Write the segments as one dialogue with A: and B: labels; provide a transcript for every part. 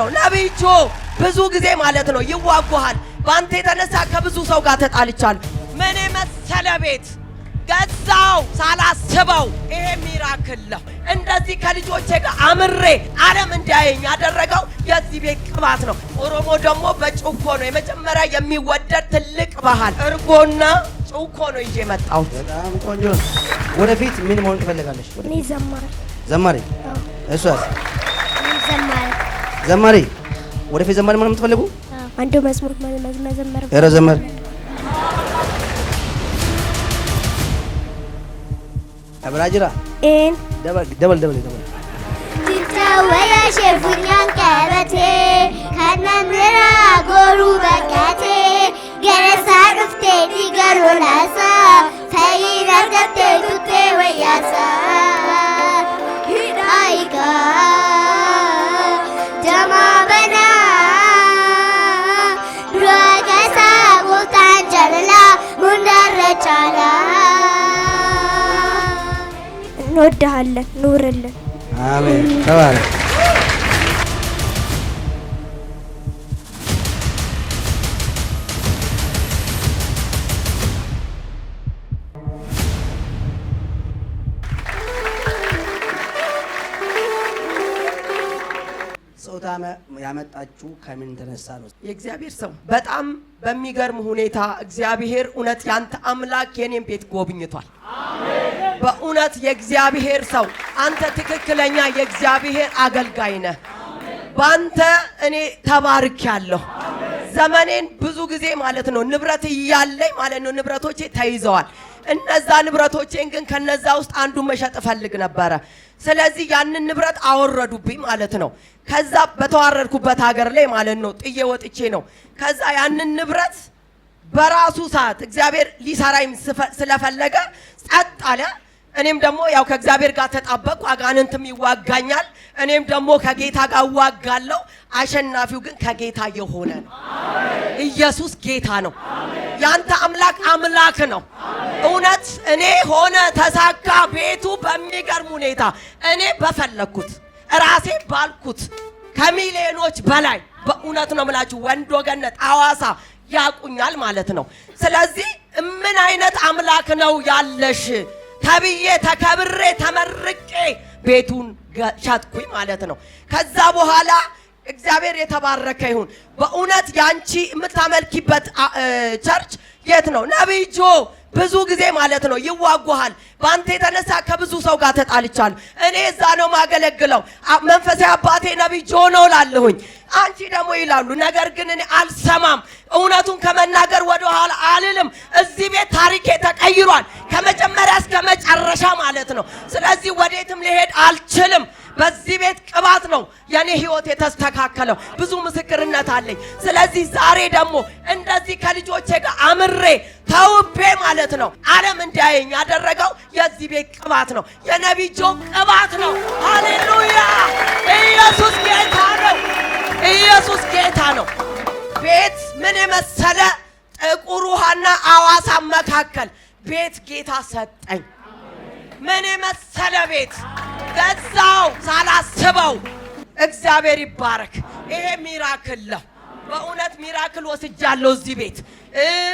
A: ነው። ነቢይቾ ብዙ ጊዜ ማለት ነው ይዋጉሃል። በአንተ የተነሳ ከብዙ ሰው ጋር ተጣልቻል። ምን መሰለ ቤት ገዛው ሳላስበው። ይሄ ሚራክል ነው። እንደዚህ ከልጆቼ ጋር አምሬ ዓለም እንዲያየኝ ያደረገው የዚህ ቤት ቅባት ነው። ኦሮሞ ደግሞ በጩኮ ነው የመጀመሪያ የሚወደድ ትልቅ ባህል። እርጎና ጩኮ ነው ይዤ መጣሁት።
B: በጣም ቆንጆ። ወደፊት ምን መሆን ትፈልጋለች? ዘማሪ። ዘማሪ እሷስ? ዘማሪ ወደፊት ዘማሪ መሆን የምትፈልጉ
C: አንዱ መዝሙር መዘመር
B: ኧረ ዘመር አብራጅራ ደበል ደበል ደበል
D: ይቻላል።
C: እንወድሃለን፣ ኑርልን።
B: አሜን።
A: ለውጥ ያመጣችሁ ከምን ተነሳ ነው? የእግዚአብሔር ሰው በጣም በሚገርም ሁኔታ እግዚአብሔር እውነት ያንተ አምላክ የኔም ቤት ጎብኝቷል። በእውነት የእግዚአብሔር ሰው አንተ ትክክለኛ የእግዚአብሔር አገልጋይ ነህ። ባንተ እኔ ተባርኪያለሁ። ዘመኔን ብዙ ጊዜ ማለት ነው ንብረት እያለኝ ማለት ነው ንብረቶቼ ተይዘዋል። እነዛ ንብረቶቼን ግን ከነዛ ውስጥ አንዱ መሸጥ እፈልግ ነበረ። ስለዚህ ያንን ንብረት አወረዱብኝ ማለት ነው። ከዛ በተዋረድኩበት ሀገር ላይ ማለት ነው ጥዬ ወጥቼ ነው። ከዛ ያንን ንብረት በራሱ ሰዓት እግዚአብሔር ሊሰራይም ስለፈለገ ጸጥ አለ። እኔም ደግሞ ያው ከእግዚአብሔር ጋር ተጣበቅኩ። አጋንንትም ይዋጋኛል፣ እኔም ደግሞ ከጌታ ጋር እዋጋለሁ። አሸናፊው ግን ከጌታ የሆነ ነው። ኢየሱስ ጌታ ነው። ያንተ አምላክ አምላክ ነው። እውነት እኔ ሆነ ተሳካ ቤቱ በሚገርም ሁኔታ እኔ በፈለግኩት ራሴ ባልኩት ከሚሊዮኖች በላይ በእውነት ነው የምላችሁ ወንድ ወገነት አዋሳ ያቁኛል ማለት ነው። ስለዚህ ምን አይነት አምላክ ነው ያለሽ ተብዬ ተከብሬ ተመርቄ ቤቱን ሸጥኩኝ ማለት ነው ከዛ በኋላ እግዚአብሔር የተባረከ ይሁን። በእውነት ያንቺ የምታመልኪበት ቸርች የት ነው? ነቢይ ጆ ብዙ ጊዜ ማለት ነው ይዋጉሃል። በአንተ የተነሳ ከብዙ ሰው ጋር ተጣልቻል። እኔ እዛ ነው ማገለግለው፣ መንፈሳዊ አባቴ ነቢይ ጆ ነው ላለሁኝ፣ አንቺ ደግሞ ይላሉ። ነገር ግን እኔ አልሰማም፣ እውነቱን ከመናገር ወደ ኋላ አልልም። እዚህ ቤት ታሪኬ ተቀይሯል፣ ከመጀመሪያ እስከ መጨረሻ ማለት ነው። ስለዚህ ወዴትም ሊሄድ አልችልም። በዚህ ቤት ቅባት ነው የኔ ህይወት የተስተካከለው። ብዙ ምስክርነት አለኝ። ስለዚህ ዛሬ ደግሞ እንደዚህ ከልጆቼ ጋር አምሬ ተውቤ ማለት ነው ዓለም እንዲያየኝ ያደረገው የዚህ ቤት ቅባት ነው፣ የነቢጆ ቅባት ነው። ሃሌሉያ! ኢየሱስ ጌታ ነው። ኢየሱስ ጌታ ነው። ቤት ምን የመሰለ ጥቁር ውሃና አዋሳ መካከል ቤት ጌታ ሰጠኝ። ምን መሰለ ቤት በዛው ሳላስበው። እግዚአብሔር ይባረክ። ይሄ ሚራክል ነው በእውነት ሚራክል ወስጃለሁ እዚህ ቤት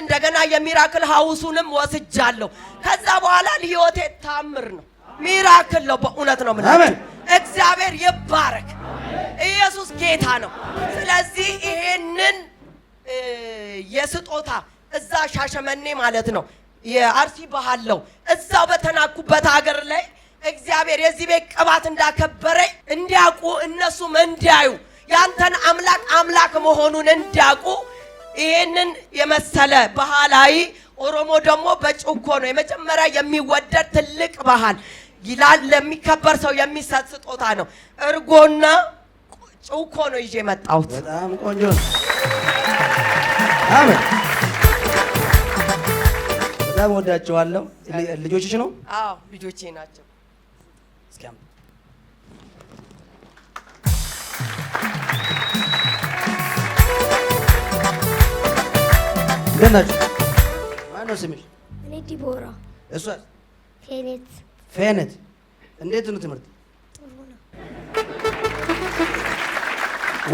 A: እንደገና የሚራክል ሀውሱንም ወስጃለሁ። ከዛ በኋላ ለህይወቴ ታምር ነው ሚራክል ነው በእውነት ነው ምናምን። እግዚአብሔር ይባረክ። ኢየሱስ ጌታ ነው። ስለዚህ ይሄንን የስጦታ እዛ ሻሸመኔ ማለት ነው የአርሲ ባህል ነው እዛው በተናኩበት ሀገር ላይ እግዚአብሔር የዚህ ቤት ቅባት እንዳከበረኝ እንዲያውቁ እነሱም እንዲያዩ ያንተን አምላክ አምላክ መሆኑን እንዲያውቁ ይህንን የመሰለ ባህላዊ ኦሮሞ ደግሞ በጭኮ ነው የመጀመሪያ የሚወደድ ትልቅ ባህል ይላል። ለሚከበር ሰው የሚሰጥ ስጦታ ነው። እርጎና ጭኮ ነው ይዤ መጣሁት።
B: በጣም ቆንጆ በጣም ወዳቸዋለሁ። ልጆችሽ ነው?
A: አዎ ልጆቼ ናቸው።
B: እንደት ናቸው? ማነው ስምሽ? እኔ ዲቦራ። እንዴት ነው ትምህርት?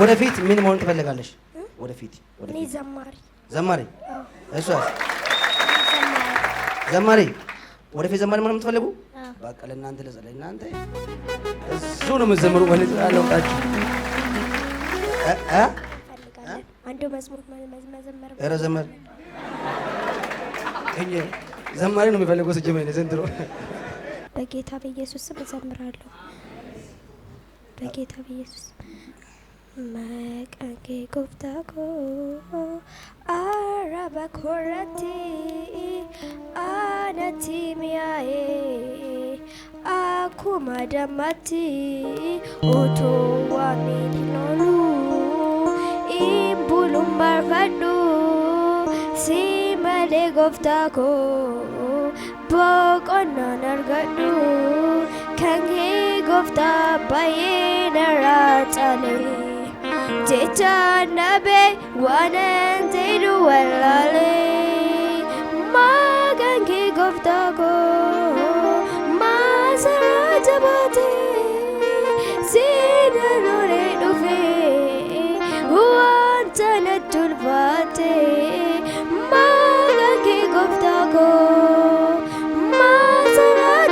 B: ወደፊት ምን መሆን ትፈልጋለሽ? ወደፊት ዘማሪ። ዘማሪ እሷስ? ዘማሪ ወደፊት ዘማሪ መሆን የምትፈልጉ በቃ ለእናንተ ለጸለይ እናንተ እሱ ነው የምትዘምሩ። ወለት አለውቃችሁ
C: አንዱ መዝሙር መዘመር
B: ኧረ ዘመር እኔ ዘማሪ ነው የሚፈልገው ስጀመኝ ዘንድሮ
C: በጌታ በኢየሱስ ስም እዘምራለሁ። በጌታ በኢየሱስ Mac and cake of taco. Araba corati. Anatimia. Akuma damati. Oto wami nonu. Imbulum si Simale of taco. Pok on an argadu. Kangi of tapayin جئت النبي وننزل والليل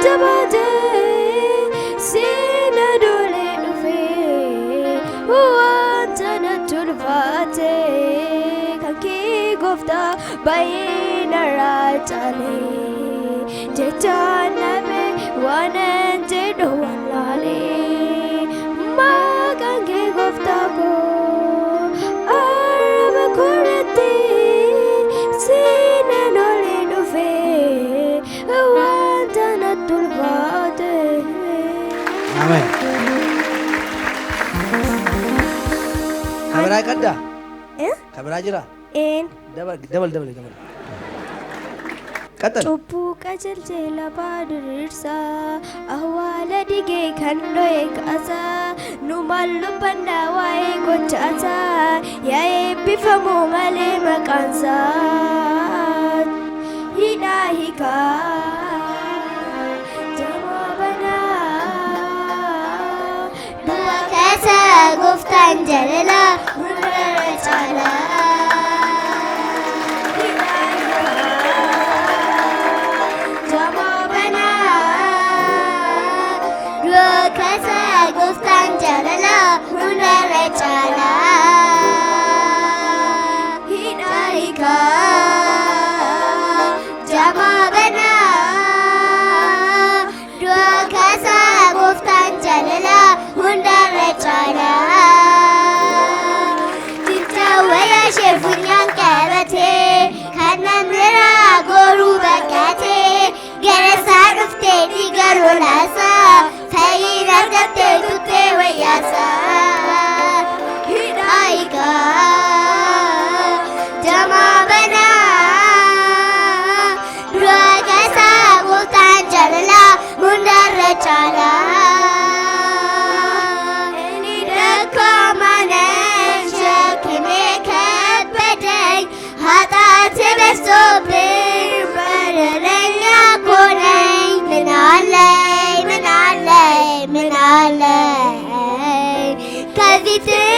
C: Jabba عليه جيت النبي وانا نزيد والله عليه ما كان كي قفتكو أرب كورتي سينا نولي نوفي وانت نتو الباطي
B: kabra خبرها eh kabra jira ايه double double double double ቀጥል
D: ጩቡ ቀጀልቼ ለባ ዱሪርሳ አህዋለ ዲጌ ከንዶዬ ከአሳ ኑማሉበና ዋዬ ጎቻሳ ያዬ ቢፈሙ መሌ መቃንሳ ሂዳ ሂካ ጀማበና ዱወ ከሳ ጎፍታን ጀለላ day.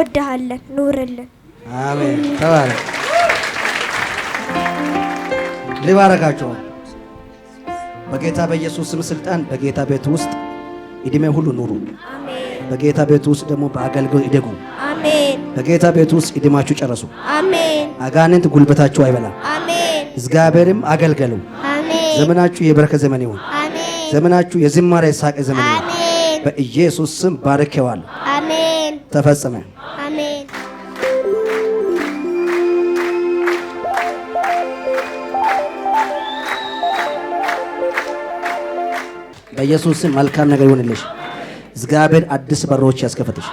C: እንወድሃለን፣ ኑርልን።
B: አሜን። ተባረክ። ሊባረካቸው በጌታ በኢየሱስ ስም ስልጣን በጌታ ቤት ውስጥ እድሜ ሁሉ ኑሩ። በጌታ ቤት ውስጥ ደግሞ በአገልግሎት ይደጉ። አሜን። በጌታ ቤት ውስጥ እድማችሁ ጨረሱ። አሜን። አጋንንት ጉልበታችሁ አይበላም። አሜን። እግዚአብሔርም አገልገሉ። አሜን። ዘመናችሁ የበረከ ዘመን ይሁን። አሜን። ዘመናችሁ የዝማሬ ሳቅ ዘመን ይሁን። በኢየሱስ ስም ባርከዋል። አሜን። ተፈጸመ። በኢየሱስ ስም መልካም ነገር ይሆንልሽ። እግዚአብሔር አዲስ በሮች ያስከፈትሽ።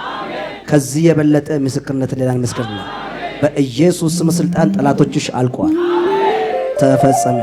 B: ከዚህ የበለጠ ምስክርነት ሌላ ምስክር በኢየሱስ ስም ስልጣን ጠላቶችሽ አልቋል፣ ተፈጸመ።